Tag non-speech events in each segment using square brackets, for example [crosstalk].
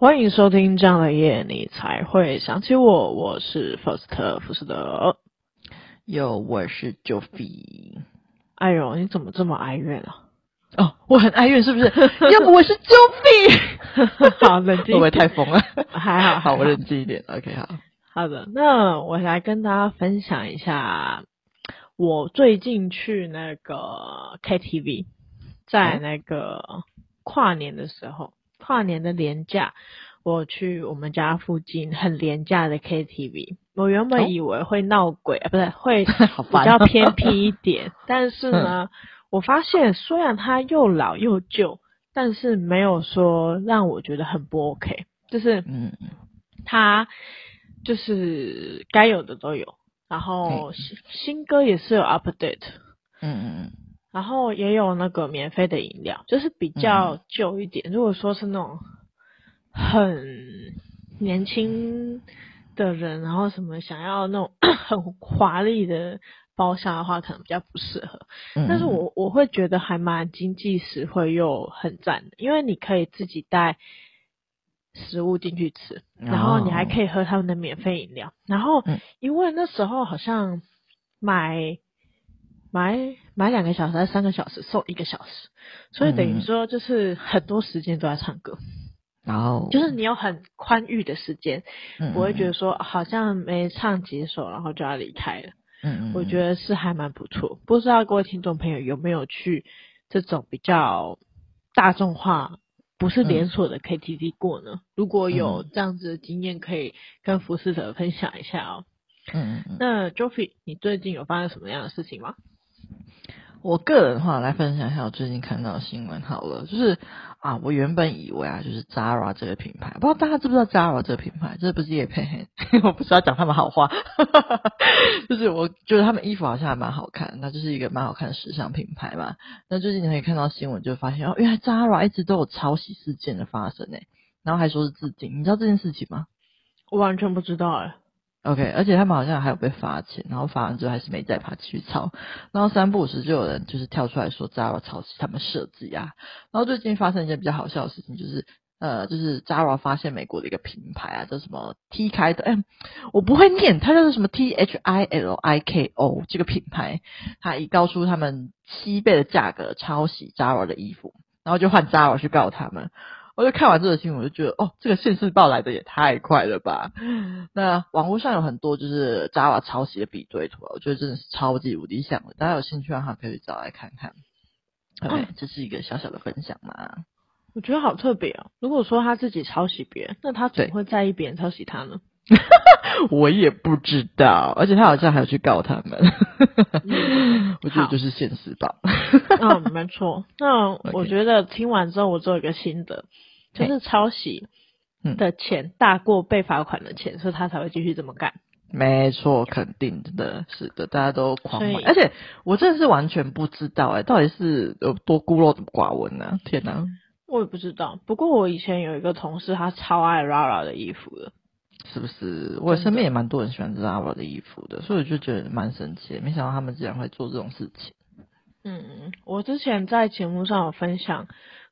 歡迎收聽《這樣的夜你才會想起我》，我是 First 福斯德，Yo，我是 Joey。哎呦，你怎麼這麼哀怨啊？ [laughs] 哦，我很哀怨，是不是？ [laughs] 要不我是 Joey。 [laughs] [laughs] 好，冷靜，會不會太瘋了？還好 [laughs] 好，我冷靜一點。OK，好。好的，那我來跟大家分享一下，我最近去那個 KTV，在那個跨年的時候。啊跨年的連假，我去我們家附近很廉價的 KTV。我原本以為會鬧鬼，哦啊、不對，會比較偏僻一點。 [laughs] 喔、但是呢、嗯，我發現雖然它又老又舊，但是沒有說讓我覺得很不 OK。就是，嗯，它就是該有的都有，然後新新歌也是有 update 嗯。嗯嗯嗯。然後也有那個免費的飲料，就是比較舊一點、嗯。如果說是那種很年輕的人，然後什麼想要那種 [coughs] 很華麗的包廂的話，可能比較不適合、嗯。但是我我會覺得還蠻經濟實惠又很讚的，因為你可以自己帶食物進去吃、嗯，然後你還可以喝他們的免費飲料。然後因為那時候好像買。買買兩個小時，還是三個小時送一個小時，所以等於說就是很多時間都在唱歌、嗯。然後就是你有很寬裕的時間，我、嗯、會覺得說好像沒唱幾首，然後就要離開了。嗯，嗯我覺得是還蠻不錯。不知道各位聽眾朋友有沒有去這種比較大眾化、不是連鎖的 KTV 過呢、嗯？如果有這樣子的經驗，可以跟服飾者分享一下哦、喔。嗯嗯。那 Joey，你最近有發生什麼樣的事情嗎？我個人的話來分享一下我最近看到的新聞好了，就是啊，我原本以為啊，就是 Zara 這個品牌，不知道大家知不知道 Zara 這個品牌，這不是也配？我不是要講他們好話， [laughs] 就是我覺得他們衣服好像還蠻好看，那就是一個蠻好看的時尚品牌嘛。那最近你可以看到新聞，就發現哦、啊，原來 Zara 一直都有抄襲事件的發生哎，然後還說是致敬，你知道這件事情嗎？我完全不知道哎。OK，而且他們好像還有被罰錢，然後罰完之後還是沒在怕，繼續抄，然後三不五時就有人就是跳出來說 Zara 抄襲他們設計啊。然後最近發生一件比較好笑的事情，就是呃，就是 Zara 發現美國的一個品牌啊，叫什麼 T 開頭。欸，我不會念，它叫做什麼 T H I L I K O 這個品牌，它以高出他們七倍的價格抄襲 Zara 的衣服，然後就換 Zara 去告他們。我就看完這個新聞，我就覺得哦，這個現世報來的也太快了吧！那網絡上有很多就是 Java 抄襲的比對圖，我覺得真的是超級無理想的。大家有興趣的話，可以找來看看。哎、okay, 啊，這是一個小小的分享嘛。我覺得好特別哦。如果說他自己抄襲別人，那他怎麼會在意別人抄襲他呢？ [laughs] 我也不知道，而且他好像還有去告他們。 [laughs] 我覺得就是現世報。我、 [laughs] 哦、沒錯。那、okay. 我覺得聽完之後，我做一個心得。就是抄襲的錢大過被罰款的錢，嗯，所以他才會繼續這麼幹。沒錯，肯定真的，是的，大家都狂買。而且我真的是完全不知道、欸，哎，到底是有多孤陋寡聞呢？啊？天哪，啊，我也不知道。不過我以前有一個同事，他超愛 Rara 的衣服的，是不是？我身邊也蠻多人喜歡 Rara 的衣服的，的，所以我就覺得蠻神奇的，沒想到他們竟然會做這種事情。嗯，我之前在節目上有分享。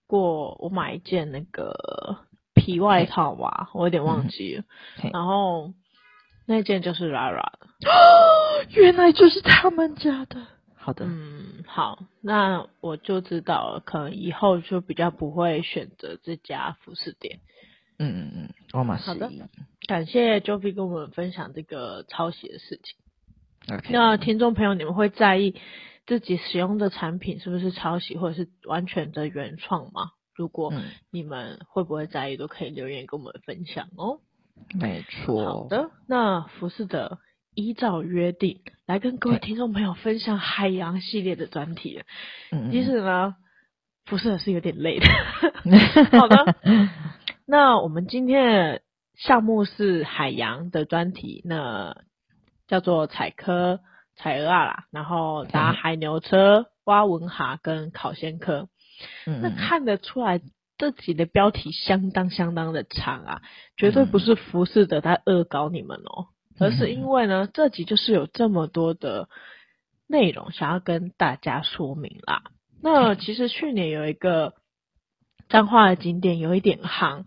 過我買一件那個皮外套吧，我有點忘記了。嗯、然後那件就是 Rara 的 [coughs] 原來就是他們家的。好的，嗯，好，那我就知道可能以後就比較不會選擇這家服飾店。嗯嗯嗯，我買好的，感謝 Joey 跟我們分享這個抄襲的事情。Okay、那聽眾朋友，你們會在意？自己使用的產品是不是抄襲或者是完全的原創嗎？如果你們會不會在意、嗯，都可以留言跟我們分享哦。沒錯，好的。那服飾的依照約定來跟各位聽眾朋友分享海洋系列的專題。嗯其實呢，嗯、服飾德是有點累的。 [laughs] 好的。 [laughs] 那我們今天項目是海洋的專題，那叫做採蚵。採蚵、啊、啦，然後搭海牛車、嗯、挖文蛤跟烤鮮蚵，嗯。那看得出來這集的標題相當相當的長啊，絕對不是服侍者在惡搞你們哦、喔嗯，而是因為呢這集就是有這麼多的內容想要跟大家說明啦。那其實去年有一個彰化的景點有一點夯。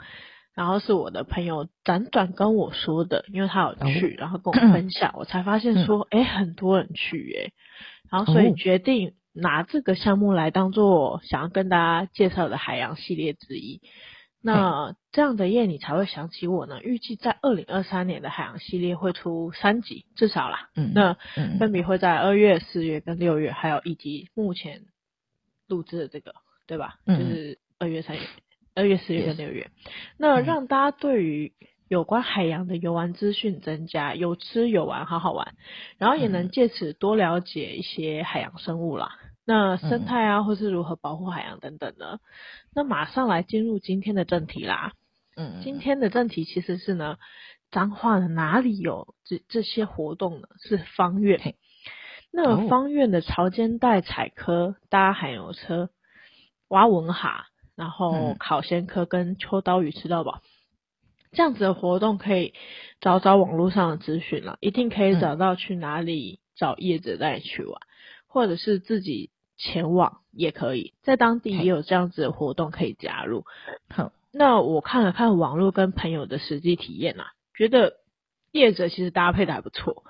然後是我的朋友輾轉跟我說的，因為他有去，嗯、然後跟我分享，嗯、我才發現說，嗯欸、很多人去，耶。然後所以決定拿這個項目來當做想要跟大家介紹的海洋系列之一。那這樣的夜你才會想起我呢？預計在二零二三年的海洋系列會出三集至少啦，嗯、那分別會在二月、四月跟六月，還有以及目前錄製的這個，對吧？嗯、就是二月、三月。二月,月,月、四月跟六月，那讓大家對於有關海洋的遊玩資訊增加，mm. 有吃有玩，好好玩，然後也能借此多了解一些海洋生物啦，mm. 那生態啊，或是如何保護海洋等等的。Mm. 那馬上來進入今天的正題啦。嗯、mm.。今天的正題其實是呢，彰化的哪裡有這這些活動呢？是芳苑。Okay. Oh. 那芳苑的潮間帶採蚵搭海牛車、挖文蛤。然後烤鮮蚵跟秋刀魚吃到飽，這樣子的活動可以找找網絡上的資訊了，一定可以找到去哪裡找業者帶你去玩，或者是自己前往也可以，在當地也有這樣子的活動可以加入。好，那我看了看網絡跟朋友的實際體驗啊，覺得業者其實搭配的還不錯，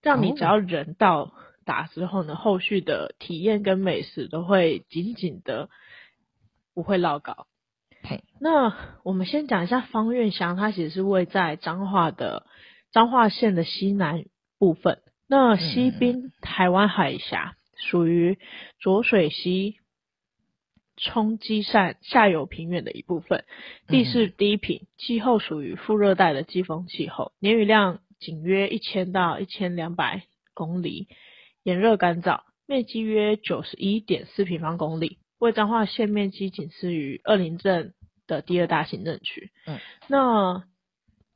讓你只要人到達之後呢，後續的體驗跟美食都會緊緊的。不會嘮稿。嘿，那我們先講一下芳苑鄉，它其實是位在彰化的彰化縣的西南部分。那西濱、嗯、台灣海峽屬於濁水溪沖積扇下游平原的一部分，地勢低平，氣、嗯、候屬於副熱帶的季風氣候，年雨量僅約一千到一千兩百公里，炎熱乾燥，面積約九十一點四平方公里。為彰化縣面積僅次於二林鎮的第二大行政區。嗯，那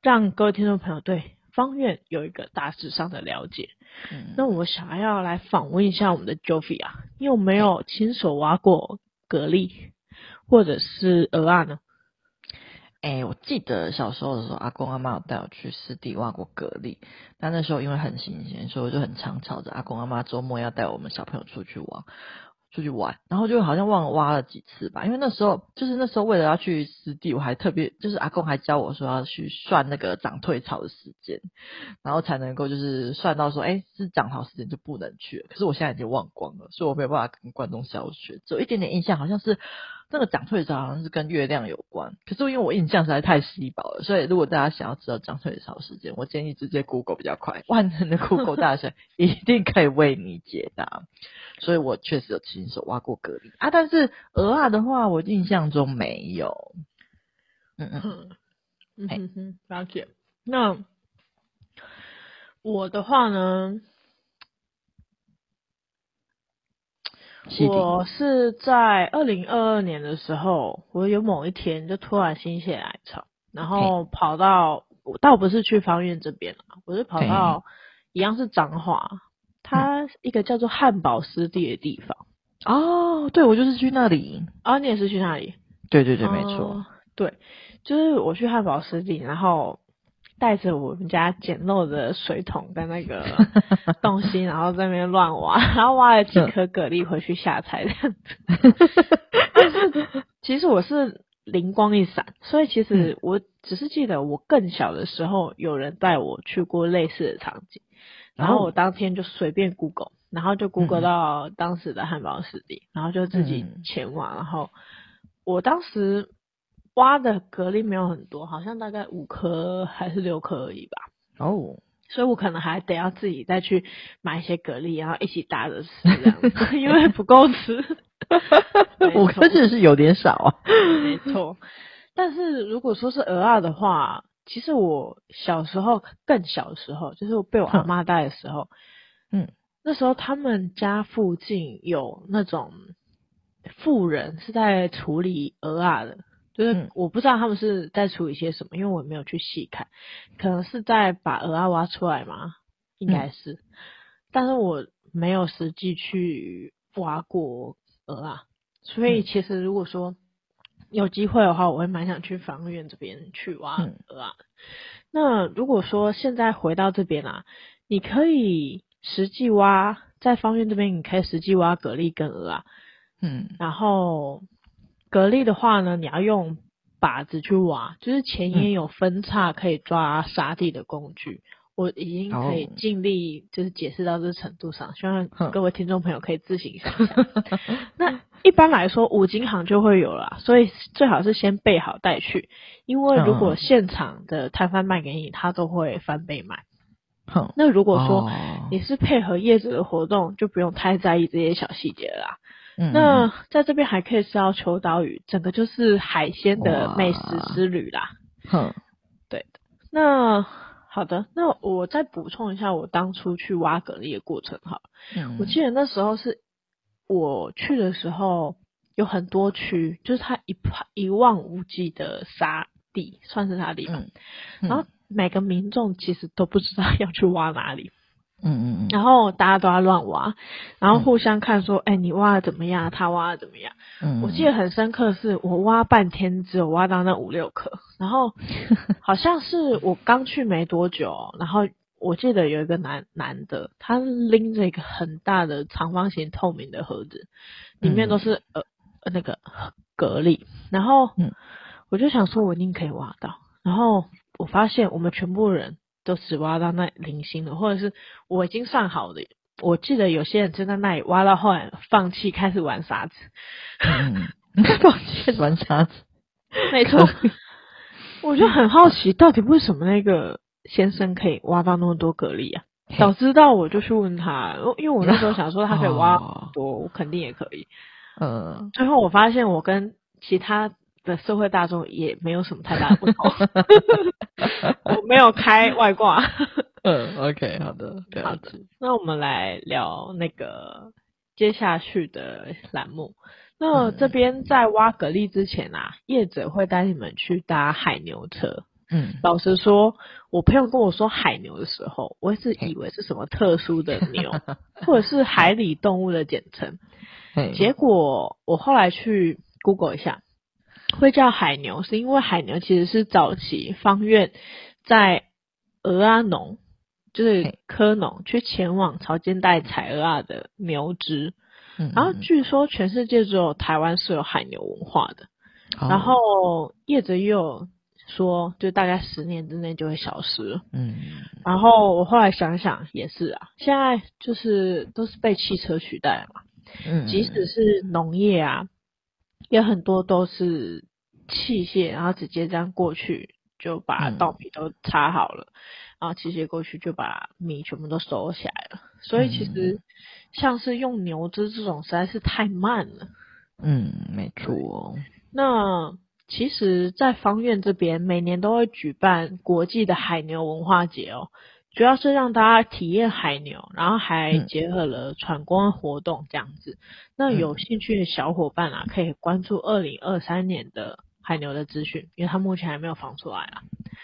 讓各位聽眾朋友對芳苑有一個大致上的了解。嗯，那我想要來訪問一下我們的 Joey 啊，因為我沒有親手挖過蛤蜊，或者是蚵仔呢。哎、欸，我記得小時候的時候，阿公阿媽有帶我去濕地挖過蛤蜊。但那時候因為很新鮮，所以我就很常吵着阿公阿媽周末要帶我們小朋友出去玩。出去玩，然後就好像忘了挖了幾次吧，因為那時候就是那時候為了要去濕地，我還特別就是阿公還教我說要去算那個漲退潮的時間，然後才能夠就是算到說，哎、欸，是漲潮時間就不能去了。可是我現在已經忘光了，所以我沒有辦法跟觀眾教學，只有一點點印象，好像是。那個漲退潮好像是跟月亮有關，可是因為我印象實在太稀薄了，所以如果大家想要知道漲退潮的時間，我建議直接 Google 比較快，萬能的 Google 大神一定可以為你解答。 [laughs] 所以我確實有親手挖過蛤蜊啊，但是蚵仔的話，我印象中沒有。嗯嗯， [laughs] 嗯哼、哼，了解。那我的話呢？我是在二零二二年的時候，我有某一天就突然心血來潮，然後跑到，okay. 我倒不是去芳苑這邊，我是跑到一樣是彰化，okay. 它一個叫做漢堡濕地的地方。嗯、哦，對我就是去那裡。啊，你也是去那裡？對對對，呃、沒錯。對，就是我去漢堡濕地，然後。帶着我們家簡陋的水桶在那個東西，然後在那邊亂挖，然後挖了幾顆蛤蜊回去下菜這樣子。 [laughs] 其實我是靈光一閃，所以其實我只是記得我更小的時候有人帶我去過類似的場景，然後我當天就隨便 Google，然後就 Google 到當時的漢寶濕地，然後就自己前往，然後我當時。挖的蛤蜊沒有很多，好像大概五顆還是六顆而已吧。哦、oh.，所以我可能還得要自己再去買一些蛤蜊，然後一起搭着吃，這樣， [laughs] 因為不夠吃。顆 [laughs] 沒錯。 [laughs] 五顆真的是有點少啊。 [laughs] 沒錯，但是如果說是蚵仔的話，其實我小時候更小的時候，就是我被我阿嬤帶的時候，嗯，那時候他們家附近有那種婦人是在處理蚵仔的。就是我不知道他們是在處理一些什麼、嗯，因為我沒有去細看，可能是在把蚵仔挖出來嘛，應該是、嗯，但是我沒有實際去挖過蚵仔，所以其實如果說有機會的話，我會蠻想去芳苑這邊去挖蚵仔、嗯。那如果說現在回到這邊啊，你可以實際挖，在芳苑這邊你可以實際挖蛤蜊跟蚵仔，嗯，然後。蛤蜊的話呢，你要用耙子去挖，就是前沿有分叉可以抓沙地的工具。嗯、我已經可以盡力就是解釋到這程度上，哦、希望各位聽眾朋友可以自行一下。 [laughs] 那一般來說五金行就會有啦，所以最好是先備好帶去，因為如果現場的攤販賣給你，他都會翻倍賣。哦、那如果說你是配合業者的活動，就不用太在意這些小細節啦。那、嗯、在這邊還可以吃到秋刀魚，整個就是海鮮的美食之旅啦。嗯，對的。那好的，那我再補充一下我當初去挖蛤蜊的過程哈。嗯。我記得那時候是，我去的時候有很多區，就是它一排一望無際的沙地，算是沙地吧、嗯。嗯。然後每個民眾其實都不知道要去挖哪裡。嗯嗯嗯，然後大家都在亂挖，然後互相看說，哎、嗯欸，你挖的怎麼樣？他挖的怎麼樣？嗯，嗯，我記得很深刻，是我挖半天，只有挖到那五六顆，然後好像是我剛去沒多久、哦，然後我記得有一個男男的，他拎着一個很大的長方形透明的盒子，裡面都是、嗯、呃那個蛤蜊，然後、嗯、我就想說，我一定可以挖到，然後我發現我們全部的人。都只挖到那零星的，或者是我已經算好的。我記得有些人就在那裡挖到後來放棄，開始玩沙子，放、嗯、棄 [laughs] 玩沙子。沒錯，我就很好奇，到底為什麼那個先生可以挖到那麼多蛤蜊啊？早知道我就去問他，因為我那時候想說他可以挖很多、嗯、我肯定也可以。嗯，最後我發現我跟其他。的社會大眾也沒有什麼太大的不同 [laughs] [laughs] 我沒有開外掛、 [laughs] 嗯。嗯，OK，好的，好的，對。那我們來聊那個接下去的欄目。那這邊在挖蛤蜊之前啊，業者會帶你們去搭海牛車。嗯，老實說，我朋友跟我說海牛的時候，我一直以為是什麼特殊的牛，或者是海裡動物的簡稱。結果我後來去 Google 一下。會叫海牛，是因為海牛其實是早期芳苑在蚵仔農，就是蚵農去前往潮間帶採蚵仔的牛隻，然後據說全世界只有台灣是有海牛文化的。哦、然後業者又說，就大概十年之內就會消失。嗯，然後我後來想想也是啊，現在就是都是被汽車取代嘛。嗯，即使是農業啊。有很多都是機械，然後直接這樣過去就把稻米都插好了。嗯，然後機械過去就把米全部都收起來了。所以其實像是用牛隻這種實在是太慢了。嗯，沒錯。哦。那其實，在芳苑這邊每年都會舉辦國際的海牛文化節哦。主要是讓大家體驗海牛，然後還結合了闖關活動這樣子。嗯，那有興趣的小伙伴啊，可以關注二零二三年的海牛的資訊，因為他目前還沒有放出來啦。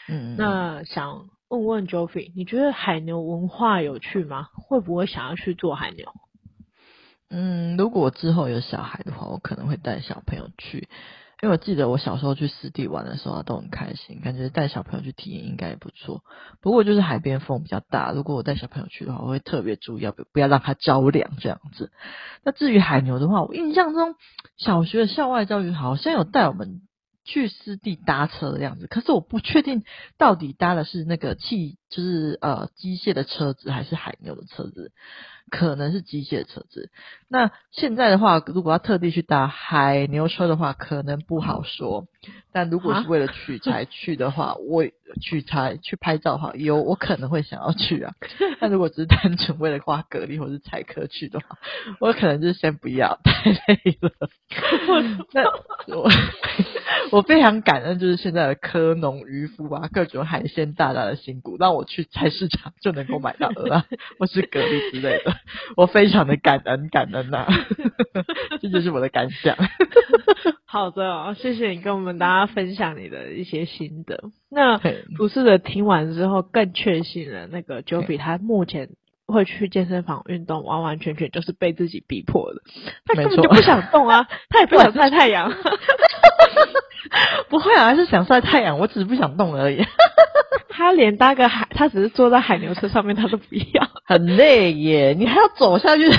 嗯。那想問問 Joffy，你覺得海牛文化有趣嗎？會不會想要去做海牛？嗯，如果之後有小孩的話，我可能會帶小朋友去。因為我記得我小時候去濕地玩的時候都很開心，感覺帶小朋友去體驗應該也不錯。不過就是海邊風比較大，如果我帶小朋友去的話，我會特別注意，要不不要讓他着涼這樣子。那至於海牛的話，我印象中小學的校外教育好像有帶我們。去濕地搭車的樣子，可是我不確定到底搭的是那個汽，就是呃機械的車子，還是海牛的車子，可能是機械的車子。那現在的話，如果要特地去搭海牛車的話，可能不好說。但如果是為了取材去的話，我取材去拍照的話，有我可能會想要去啊。但 [laughs] 如果只是單純為了挖蛤蜊或是採蚵去的話，我可能就先不要，太累了。 [laughs] 那我。 [laughs] 我非常感恩，就是現在的蚵農漁夫啊，各種海鮮大大的辛苦，讓我去菜市場就能夠買到的啦，或 [laughs] 是蛤蜊之類的，我非常的感恩感恩啊， [laughs] 這就是我的感想。 [laughs] 好的哦，謝謝你跟我們大家分享你的一些心得。那主持人聽完之後更確信了，那個 Joey 他目前。會去健身房運動，完完全全就是被自己逼迫的。他根本就不想動啊，他也不想曬太陽。 [laughs] [laughs] 不會啊，是想曬太陽，我只是不想動而已。 [laughs] 他連搭個海，他只是坐在海牛車上面，他都不要。很累耶，你還要走下去，要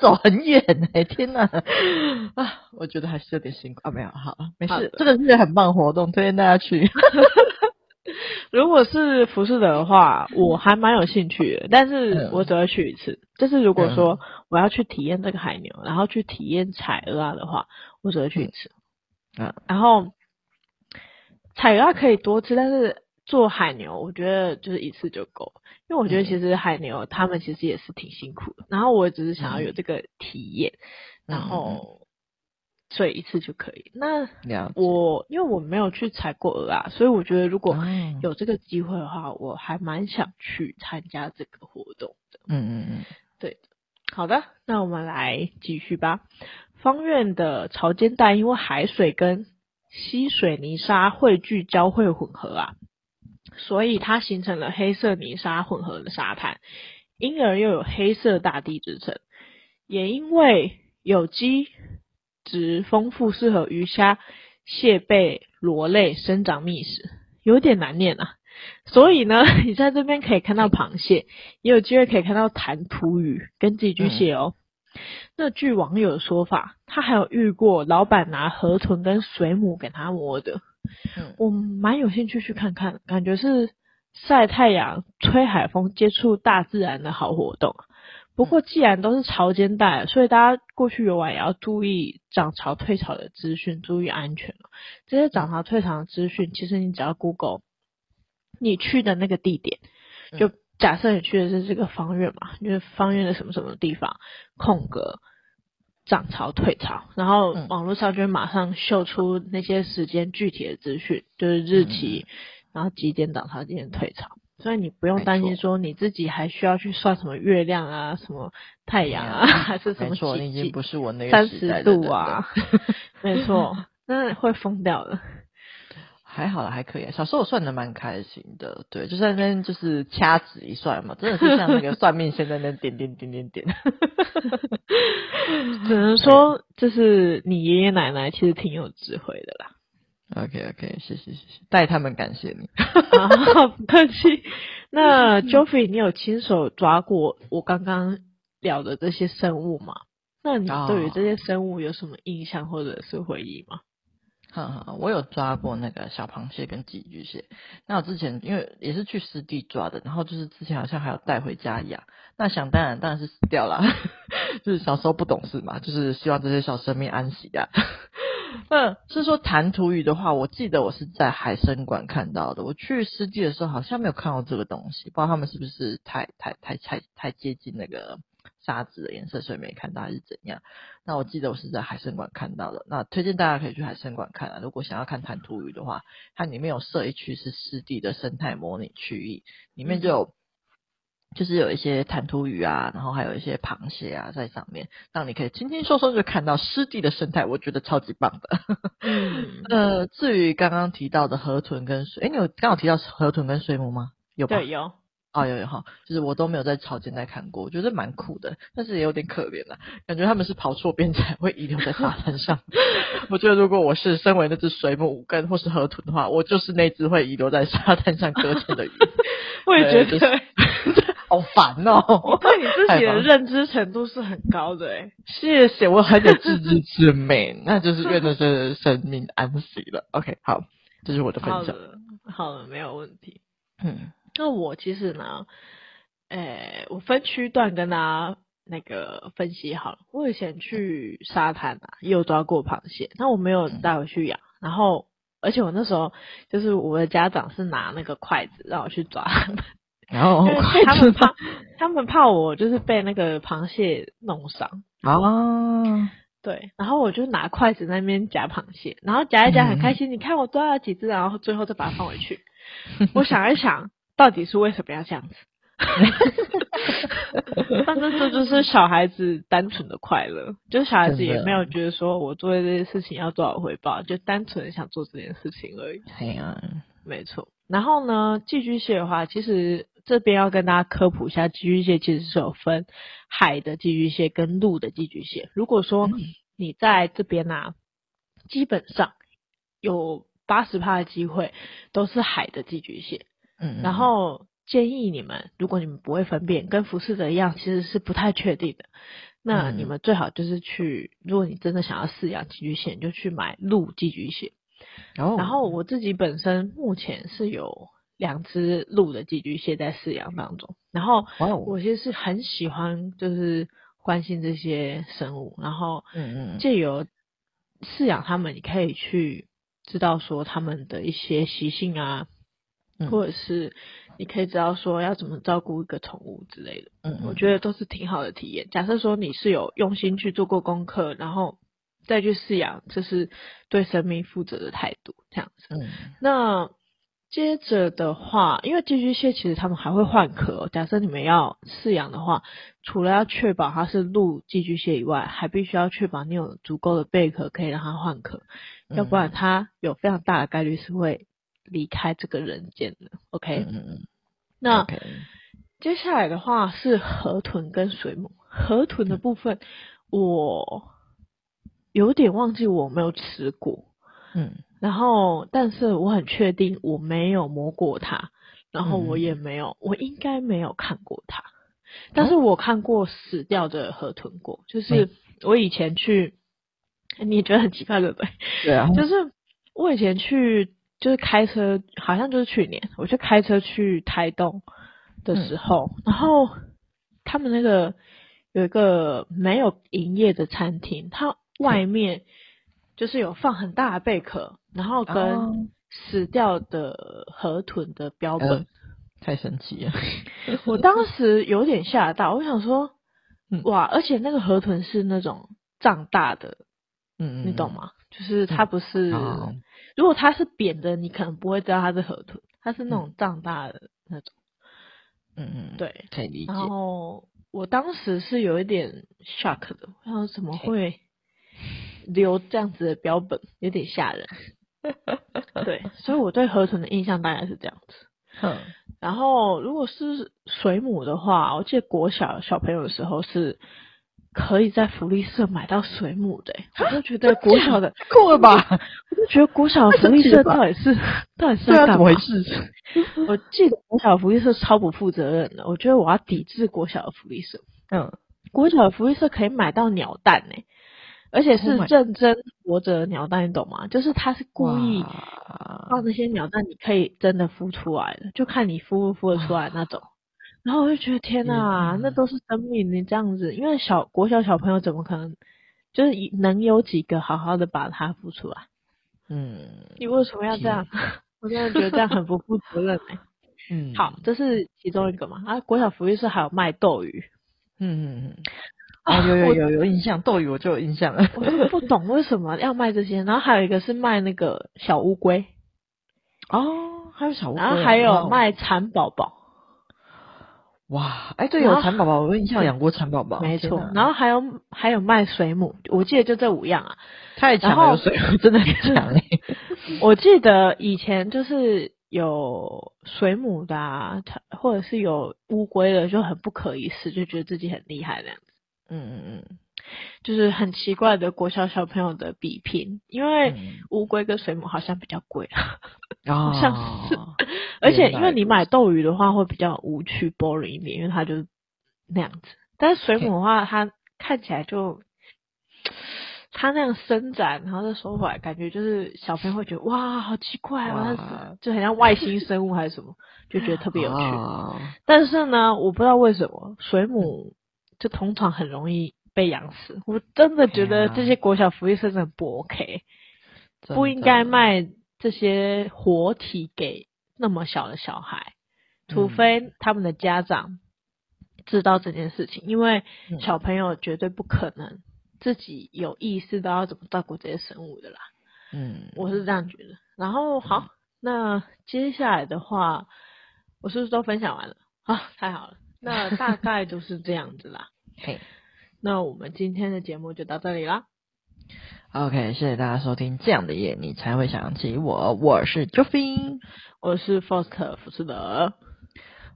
走很遠，哎，天哪！啊，我覺得還是有點辛苦。啊、沒有，好，沒事。這個是很棒的活動，推薦大家去。 [laughs] 如果是服士德的，的話，我還蠻有興趣的，但是我只會去一次。嗯、就是如果說我要去體驗這個海牛，嗯、然後去體驗採蚵啊的話，我只會去一次。嗯，嗯然後採蚵可以多次，但是做海牛，我覺得就是一次就夠，因為我覺得其實海牛他、嗯、們其實也是挺辛苦的。然後我只是想要有這個體驗，嗯、然後。嗯嗯嗯所以一次就可以。那我因為我沒有去採過蚵啊，所以我覺得如果有這個機會的話，我還蠻想去參加這個活動的。嗯嗯嗯，對，好的，那我們來繼續吧。芳苑的潮間帶，因為海水跟溪水泥沙匯聚交匯混合啊，所以它形成了黑色泥沙混合的沙灘，因而又有黑色大地之稱。也因為有機殖豐富，適合魚蝦、蟹貝、螺類生長覓食，有點難念啊。所以呢，你在這邊可以看到螃蟹，嗯、也有機會可以看到彈塗魚跟寄居蟹哦。那據網友的說法，他還有遇過老闆拿河豚跟水母給他摸的。嗯、我蠻有興趣去看看，感覺是曬太陽、吹海風、接觸大自然的好活動。不過，既然都是潮間帶了，所以大家過去遊玩也要注意漲潮退潮的資訊，注意安全。這些漲潮退潮的資訊，其實你只要 Google 你去的那個地點，就假設你去的是這個芳苑嘛，就是芳苑的什麼什麼地方，空格漲潮退潮，然後網絡上就會馬上秀出那些時間具體的資訊，就是日期，嗯、然後幾點漲潮，幾點退潮。所以你不用擔心，說你自己還需要去算什麼月亮啊，什麼太陽啊，啊，還是什麼你已經不是我那個時代等等三十度啊，沒錯，那 [laughs] 會瘋掉的。還好了，還可以、啊。小時候我算的蠻開心的，對，就在那，就是掐指一算嘛，真的是像那個算命先生那點點點點點。 [laughs] [laughs] 只能說，就是你爺爺奶奶其實挺有智慧的啦。OK，OK，okay, okay, 謝謝謝謝，代他們感謝你。不客氣。那 Joey，你有親手抓過我剛剛聊的這些生物嗎？那你對於這些生物有什麼印象或者是回憶嗎？Oh. 嗯，好好，我有抓過那個小螃蟹跟寄居蟹。那我之前因為也是去濕地抓的，然後就是之前好像還有帶回家養。那想當然當然是死掉啦， [laughs] 就是小時候不懂事嘛，就是希望這些小生命安息啊。嗯，是說彈塗魚的話，我記得我是在海生館看到的。我去濕地的時候好像沒有看到這個東西，不知道他們是不是太太太太太接近那個沙子的顏色，所以沒看到還是怎樣？那我記得我是在海生館看到的。那推薦大家可以去海生館看啊，如果想要看彈塗魚的話，它裡面有設一區是濕地的生態模擬區域，裡面就有。就是有一些彈塗魚啊，然後還有一些螃蟹啊，在上面，讓你可以輕輕鬆鬆就看到濕地的生態，我覺得超級棒的。 [laughs] 嗯、呃，至於剛剛提到的河豚跟水，誒你有剛好提到河豚跟水母嗎？有吧？對，有哦，有有哈，就是我都沒有在潮間帶看過，我覺得蠻酷的，但是也有點可憐啊，感覺他們是跑錯邊才會遺留在沙灘上。 [laughs] 我覺得如果我是身為那隻水母跟或是河豚的話，我就是那隻會遺留在沙灘上擱淺的魚。 [laughs] 我也覺得。就是 [laughs] [laughs] 好煩哦！我對你自己的認知程度是很高的哎、欸， [laughs] 謝謝，我很有自知之明， [laughs] 那就是願得生命安息了。OK，好，這是我的分享。好了，好了，沒有問題。嗯，那我其實呢，呃，我分區段跟他那個分析好了。我以前去沙灘啊，也有抓過螃蟹，但我沒有帶回去養。嗯、然後，而且我那時候就是我的家長是拿那個筷子讓我去抓。 [laughs] 然後，他們怕，他們怕我就是被那個螃蟹弄傷啊。Oh. 對，然後我就拿筷子在那邊夾螃蟹，然後夾一夾很開心。嗯、你看我抓了幾隻，然後最後再把它放回去。我想一想， [laughs] 到底是為什麼要這樣子？ [laughs] [laughs] [laughs] [laughs] 但是這就是小孩子單純的快樂，就小孩子也沒有覺得說我做這些事情要多少回報，就單純想做這件事情而已。對啊，沒錯。然後呢，寄居蟹的話，其實。這邊要跟大家科普一下，寄居蟹其實是有分海的寄居蟹跟陸的寄居蟹。如果說你在這邊啊、嗯，基本上有八十趴的機會都是海的寄居蟹。嗯，嗯，然後建議你們，如果你們不會分辨，跟服侍者一樣，其實是不太確定的。那你們最好就是去，如果你真的想要飼養寄居蟹，就去買陸寄居蟹。然、哦、然後我自己本身目前是有。兩隻鹿的寄居蟹在飼養當中，然後我其實是很喜歡，就是關心這些生物，然後嗯嗯，借由飼養它們，你可以去知道說它們的一些習性啊、嗯，或者是你可以知道說要怎麼照顧一個寵物之類的嗯，嗯，我覺得都是挺好的體驗。假設說你是有用心去做過功課，然後再去飼養，這是對生命負責的態度，這樣子，嗯，那。接着的話，因為寄居蟹其實它們還會換殼喔。假設你們要飼養的話，除了要確保它是陸寄居蟹以外，還必須要確保你有足夠的貝殼可以讓它換殼，要不然它有非常大的概率是會離開這個人間的。OK，嗯嗯，那、okay. 接下來的話是河豚跟水母。河豚的部分，嗯、我有點忘記我沒有吃過，嗯。然後，但是我很確定我沒有摸過它，然後我也沒有，嗯、我應該沒有看過它，但是我看過死掉的河豚過，就是我以前去，嗯、你覺得很奇怪對不對？對、嗯、啊。就是我以前去，就是開車，好像就是去年，我去開車去台東的時候，嗯、然後他們那個有一個沒有營業的餐廳，它外面就是有放很大的貝殼。然後跟死掉的河豚的標本，啊、呃，太神奇了！ [laughs] 我當時有點嚇到，我想說、嗯，哇！而且那個河豚是那種脹大的，嗯，你懂嗎？就是它不是、嗯嗯、啊，如果它是扁的，你可能不會知道它是河豚，它是那種脹大的那種。嗯嗯，對，可以理解。然後我當時是有一點 shock 的，然後怎麼會留這樣子的標本？有點嚇人。 [laughs] 對，所以我對河豚的印象大概是這樣子。嗯，然後如果是水母的話，我記得國小小朋友的時候是可以在福利社買到水母的。我就覺得國小的夠了吧？我就覺得國小的福利社到底是到底是怎麼回事？ [laughs] 我記得國小的福利社超不負責任的，我覺得我要抵制國小的福利社。嗯，國小的福利社可以買到鳥蛋呢。而且是真正活着的鳥蛋，oh、你懂嗎？就是他是故意放那些鳥蛋，你可以真的孵出來的，就看你孵不孵得出來那種。然後我就覺得天哪、啊，那都是生命，你這樣子，因為小國小小朋友怎麼可能就是能有幾個好好的把它孵出來？嗯，你為什麼要這樣？ [laughs] 我現在覺得這樣很不負責任、欸、嗯，好，這是其中一個嘛。啊，國小福利社還有賣鬥魚。嗯嗯嗯。啊，有有有有印象，鬥魚我就有印象了。我就不懂為什麼要賣這些， [laughs] 然後還有一個是賣那個小烏龜，哦，還有小烏龜、啊，然後還有賣蠶寶寶。哇，哎、欸，對、啊，有蠶寶寶，我印象養過蠶寶寶，沒錯、啊。然後還有還有賣水母，我記得就這五樣啊。太強了，有水母真的很強、欸、 [laughs] 我記得以前就是有水母的啊，啊或者是有烏龜的，就很不可一世，就覺得自己很厲害的樣子。嗯嗯嗯，就是很奇怪的國小小朋友的比拼，因為烏龜跟水母好像比較貴、啊，嗯、 [laughs] 好像是，哦、而且因為你買鬥魚的話會比較無趣 boring 一點，因為它就是那樣子，但是水母的話，Okay. 它看起來就它那樣伸展，然後再收回來，感覺就是小朋友會覺得哇好奇怪啊，啊，就很像外星生物還是什麼， [laughs] 就覺得特別有趣、哦。但是呢，我不知道為什麼水母。嗯就通常很容易被養死，我真的覺得這些國小福利是、OK, 真的不 OK，不應該賣這些活體給那麼小的小孩，除非他們的家長知道這件事情，嗯、因為小朋友絕對不可能自己有意識到要怎麼照顧這些生物的啦。嗯，我是這樣覺得。然後好，那接下來的話，我是不是都分享完了？啊，太好了。 [laughs] 那大概都是這樣子啦。嘿、hey.，那我們今天的節目就到這裡啦。OK，謝謝大家收聽。這樣的夜，你才會想起我。我是 Joffin，我是 Foster 福斯德。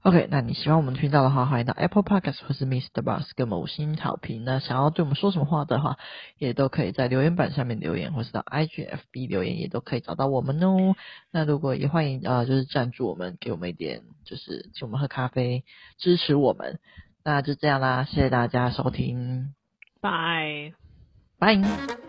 OK，那你喜歡我們的頻道的話，歡迎到 Apple Podcast 或是 MixerBox 的五星好評。那想要對我們說什麼話的話，也都可以在留言板下面留言，或是到 IGFB 留言，也都可以找到我們哦。那如果也歡迎啊、呃，就是贊助我們，給我們一點，就是請我們喝咖啡，支持我們。那就這樣啦，謝謝大家收聽，拜拜。Bye